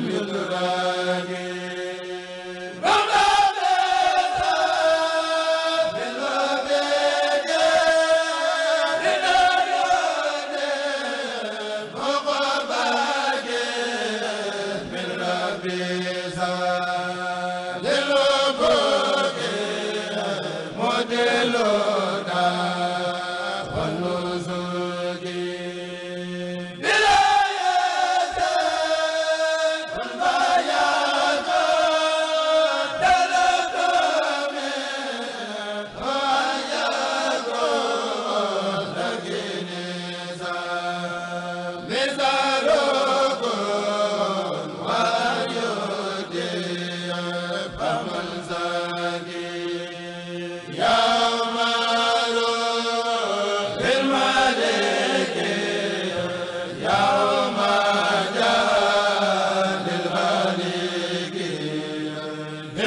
moo delloo daa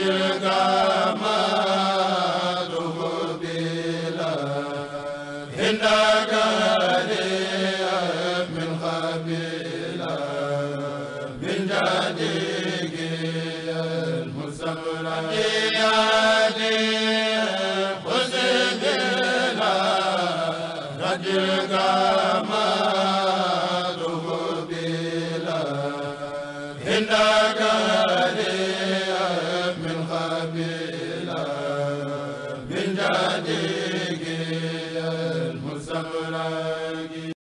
Adieu yaa